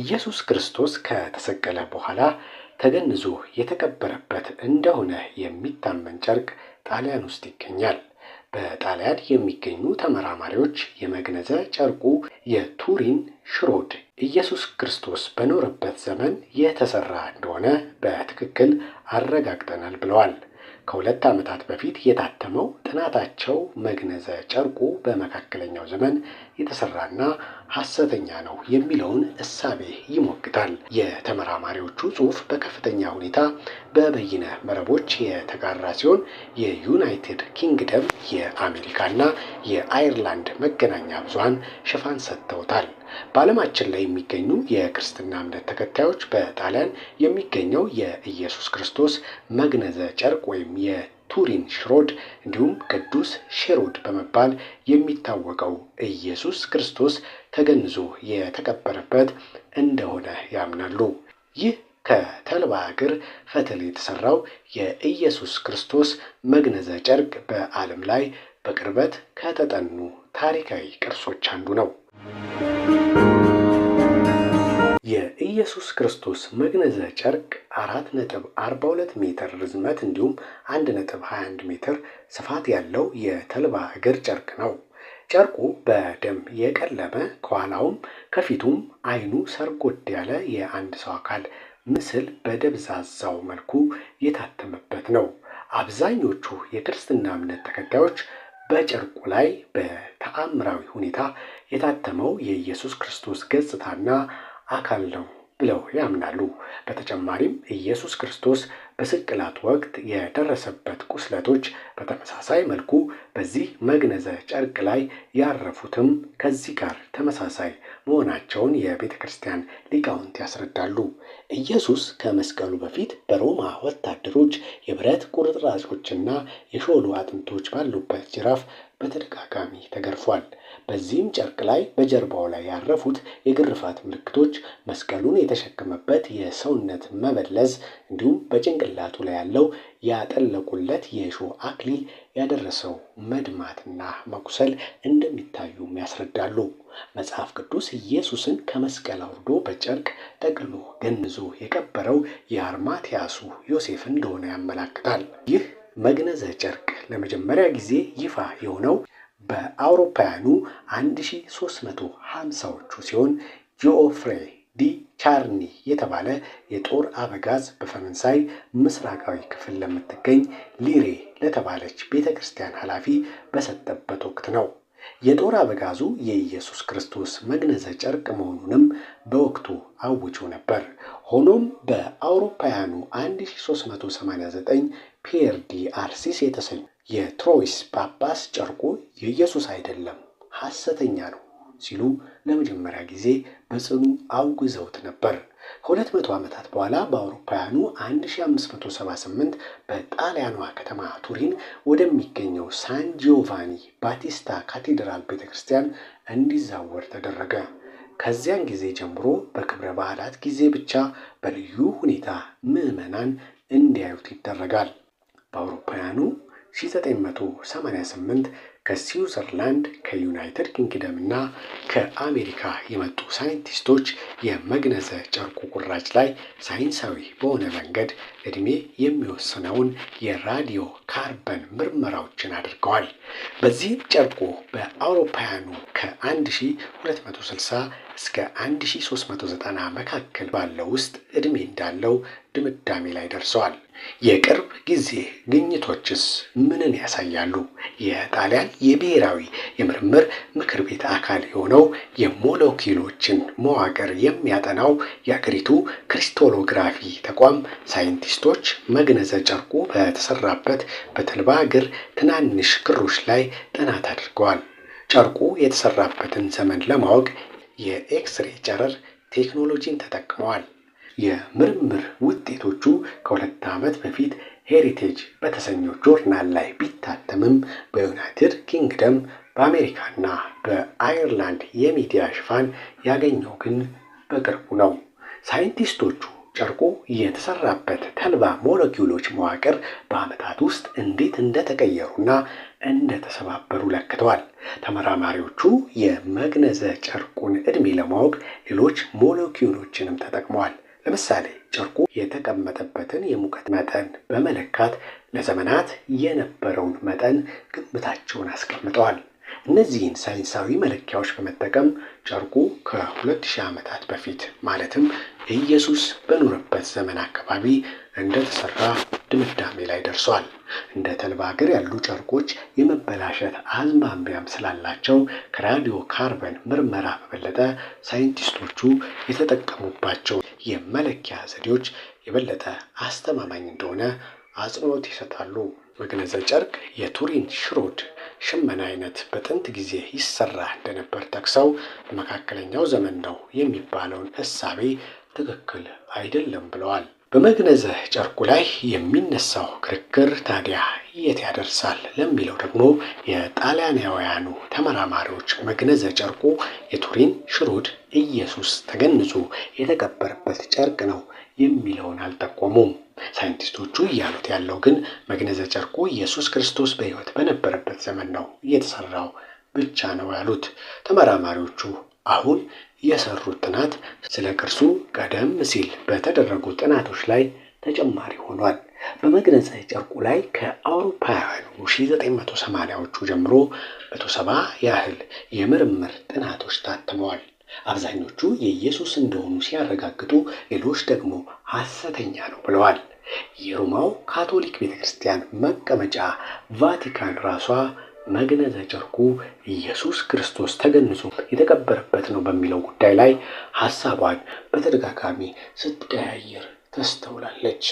ኢየሱስ ክርስቶስ ከተሰቀለ በኋላ ተገንዞ የተቀበረበት እንደሆነ የሚታመን ጨርቅ ጣሊያን ውስጥ ይገኛል። በጣሊያን የሚገኙ ተመራማሪዎች የመግነዘ ጨርቁ የቱሪን ሽሮድ ኢየሱስ ክርስቶስ በኖረበት ዘመን የተሰራ እንደሆነ በትክክል አረጋግጠናል ብለዋል። ከሁለት ዓመታት በፊት የታተመው ጥናታቸው መግነዘ ጨርቁ በመካከለኛው ዘመን የተሰራና ሐሰተኛ ነው የሚለውን እሳቤ ይሞግታል። የተመራማሪዎቹ ጽሑፍ በከፍተኛ ሁኔታ በበይነ መረቦች የተጋራ ሲሆን የዩናይትድ ኪንግደም የአሜሪካና የአይርላንድ መገናኛ ብዙሃን ሽፋን ሰጥተውታል። በዓለማችን ላይ የሚገኙ የክርስትና እምነት ተከታዮች በጣሊያን የሚገኘው የኢየሱስ ክርስቶስ መግነዘ ጨርቅ ወይም የቱሪን ሽሮድ እንዲሁም ቅዱስ ሽሮድ በመባል የሚታወቀው ኢየሱስ ክርስቶስ ተገንዞ የተቀበረበት እንደሆነ ያምናሉ። ይህ ከተልባ እግር ፈትል የተሰራው የኢየሱስ ክርስቶስ መግነዘ ጨርቅ በዓለም ላይ በቅርበት ከተጠኑ ታሪካዊ ቅርሶች አንዱ ነው። የኢየሱስ ክርስቶስ መግነዘ ጨርቅ 4.42 ሜትር ርዝመት እንዲሁም 1.21 ሜትር ስፋት ያለው የተልባ እግር ጨርቅ ነው። ጨርቁ በደም የቀለመ ከኋላውም ከፊቱም አይኑ ሰርጎድ ያለ የአንድ ሰው አካል ምስል በደብዛዛው መልኩ የታተመበት ነው። አብዛኞቹ የክርስትና እምነት ተከታዮች በጨርቁ ላይ በተአምራዊ ሁኔታ የታተመው የኢየሱስ ክርስቶስ ገጽታና አካል ነው ብለው ያምናሉ። በተጨማሪም ኢየሱስ ክርስቶስ በስቅላት ወቅት የደረሰበት ቁስለቶች በተመሳሳይ መልኩ በዚህ መግነዘ ጨርቅ ላይ ያረፉትም ከዚህ ጋር ተመሳሳይ መሆናቸውን የቤተ ክርስቲያን ሊቃውንት ያስረዳሉ። ኢየሱስ ከመስቀሉ በፊት በሮማ ወታደሮች የብረት ቁርጥራጮችና የሾሉ አጥንቶች ባሉበት ጅራፍ በተደጋጋሚ ተገርፏል። በዚህም ጨርቅ ላይ በጀርባው ላይ ያረፉት የግርፋት ምልክቶች መስቀሉን የተሸከመበት የሰውነት መበለዝ እንዲሁም በጭንቅላቱ ላይ ያለው ያጠለቁለት የእሾህ አክሊል ያደረሰው መድማትና መቁሰል እንደሚታዩም ያስረዳሉ። መጽሐፍ ቅዱስ ኢየሱስን ከመስቀል አውርዶ በጨርቅ ጠቅሎ ገንዞ የቀበረው የአርማትያሱ ዮሴፍ እንደሆነ ያመላክታል። ይህ መግነዘ ጨርቅ ለመጀመሪያ ጊዜ ይፋ የሆነው በአውሮፓውያኑ 1350ዎቹ ሲሆን ጂኦፍሬ ዲ ቻርኒ የተባለ የጦር አበጋዝ በፈረንሳይ ምስራቃዊ ክፍል ለምትገኝ ሊሬ ለተባለች ቤተ ክርስቲያን ኃላፊ በሰጠበት ወቅት ነው። የጦር አበጋዙ የኢየሱስ ክርስቶስ መግነዘ ጨርቅ መሆኑንም በወቅቱ አውጆ ነበር። ሆኖም በአውሮፓውያኑ 1389 ፒየር ዲ አርሲስ የተሰኙ የትሮይስ ጳጳስ ጨርቁ የኢየሱስ አይደለም፣ ሐሰተኛ ነው ሲሉ ለመጀመሪያ ጊዜ በጽኑ አውግዘውት ነበር። ከሁለት መቶ ዓመታት በኋላ በአውሮፓውያኑ 1578 በጣሊያኗ ከተማ ቱሪን ወደሚገኘው ሳን ጂዮቫኒ ባቲስታ ካቴድራል ቤተ ክርስቲያን እንዲዛወር ተደረገ። ከዚያን ጊዜ ጀምሮ በክብረ በዓላት ጊዜ ብቻ በልዩ ሁኔታ ምዕመናን እንዲያዩት ይደረጋል። በአውሮፓውያኑ በ1988 ከስዊዘርላንድ ከዩናይትድ እና ከአሜሪካ የመጡ ሳይንቲስቶች የመግነዘ ጨርቁ ቁራጭ ላይ ሳይንሳዊ በሆነ መንገድ ዕድሜ የሚወስነውን የራዲዮ ካርበን ምርመራዎችን አድርገዋል። በዚህም ጨርቁ በአውሮፓውያኑ ከ1260 እስከ 1390 መካከል ባለው ውስጥ ዕድሜ እንዳለው ድምዳሜ ላይ ደርሰዋል። የቅርብ ጊዜ ግኝቶችስ ምንን ያሳያሉ? የጣሊያን የብሔራዊ የምርምር ምክር ቤት አካል የሆነው የሞለኪውሎችን መዋቅር የሚያጠናው የአገሪቱ ክሪስቶሎግራፊ ተቋም ሳይንቲስቶች መግነዘ ጨርቁ በተሰራበት በተልባ እግር ትናንሽ ክሮች ላይ ጥናት አድርገዋል። ጨርቁ የተሰራበትን ዘመን ለማወቅ የኤክስሬ ጨረር ቴክኖሎጂን ተጠቅመዋል። የምርምር ውጤቶቹ ከሁለት ዓመት በፊት ሄሪቴጅ በተሰኘው ጆርናል ላይ ቢታተምም በዩናይትድ ኪንግደም በአሜሪካና በአይርላንድ የሚዲያ ሽፋን ያገኘው ግን በቅርቡ ነው። ሳይንቲስቶቹ ጨርቁ የተሰራበት ተልባ ሞለኪውሎች መዋቅር በዓመታት ውስጥ እንዴት እንደተቀየሩና እንደተሰባበሩ ለክተዋል። ተመራማሪዎቹ የመግነዘ ጨርቁን ዕድሜ ለማወቅ ሌሎች ሞለኪውሎችንም ተጠቅመዋል። ለምሳሌ ጨርቁ የተቀመጠበትን የሙቀት መጠን በመለካት ለዘመናት የነበረውን መጠን ግምታቸውን አስቀምጠዋል። እነዚህን ሳይንሳዊ መለኪያዎች በመጠቀም ጨርቁ ከ2000 ዓመታት በፊት ማለትም ኢየሱስ በኖረበት ዘመን አካባቢ እንደተሰራ ድምዳሜ ላይ ደርሷል። እንደ ተልባ እግር ያሉ ጨርቆች የመበላሸት አዝማሚያም ስላላቸው ከራዲዮ ካርበን ምርመራ በበለጠ ሳይንቲስቶቹ የተጠቀሙባቸው የመለኪያ ዘዴዎች የበለጠ አስተማማኝ እንደሆነ አጽንኦት ይሰጣሉ። መግነዘ ጨርቅ የቱሪን ሽሮድ ሽመና አይነት በጥንት ጊዜ ይሰራ እንደነበር ጠቅሰው በመካከለኛው ዘመን ነው የሚባለውን እሳቤ ትክክል አይደለም ብለዋል። በመግነዘ ጨርቁ ላይ የሚነሳው ክርክር ታዲያ የት ያደርሳል ለሚለው ደግሞ የጣሊያናውያኑ ተመራማሪዎች መግነዘ ጨርቁ የቱሪን ሽሮድ ኢየሱስ ተገንዞ የተቀበረበት ጨርቅ ነው የሚለውን አልጠቆሙም። ሳይንቲስቶቹ እያሉት ያለው ግን መግነዘ ጨርቁ ኢየሱስ ክርስቶስ በሕይወት በነበረበት ዘመን ነው እየተሰራው ብቻ ነው ያሉት ተመራማሪዎቹ። አሁን የሰሩት ጥናት ስለ ቅርሱ ቀደም ሲል በተደረጉ ጥናቶች ላይ ተጨማሪ ሆኗል። በመግነዛዊ ጨርቁ ላይ ከአውሮፓውያኑ 1980ዎቹ ጀምሮ መቶ ሰባ ያህል የምርምር ጥናቶች ታትመዋል። አብዛኞቹ የኢየሱስ እንደሆኑ ሲያረጋግጡ፣ ሌሎች ደግሞ ሐሰተኛ ነው ብለዋል። የሮማው ካቶሊክ ቤተ ክርስቲያን መቀመጫ ቫቲካን ራሷ መግነዘ ጨርቁ ኢየሱስ ክርስቶስ ተገንዞ የተቀበረበት ነው በሚለው ጉዳይ ላይ ሀሳቧን በተደጋጋሚ ስትቀያየር ተስተውላለች።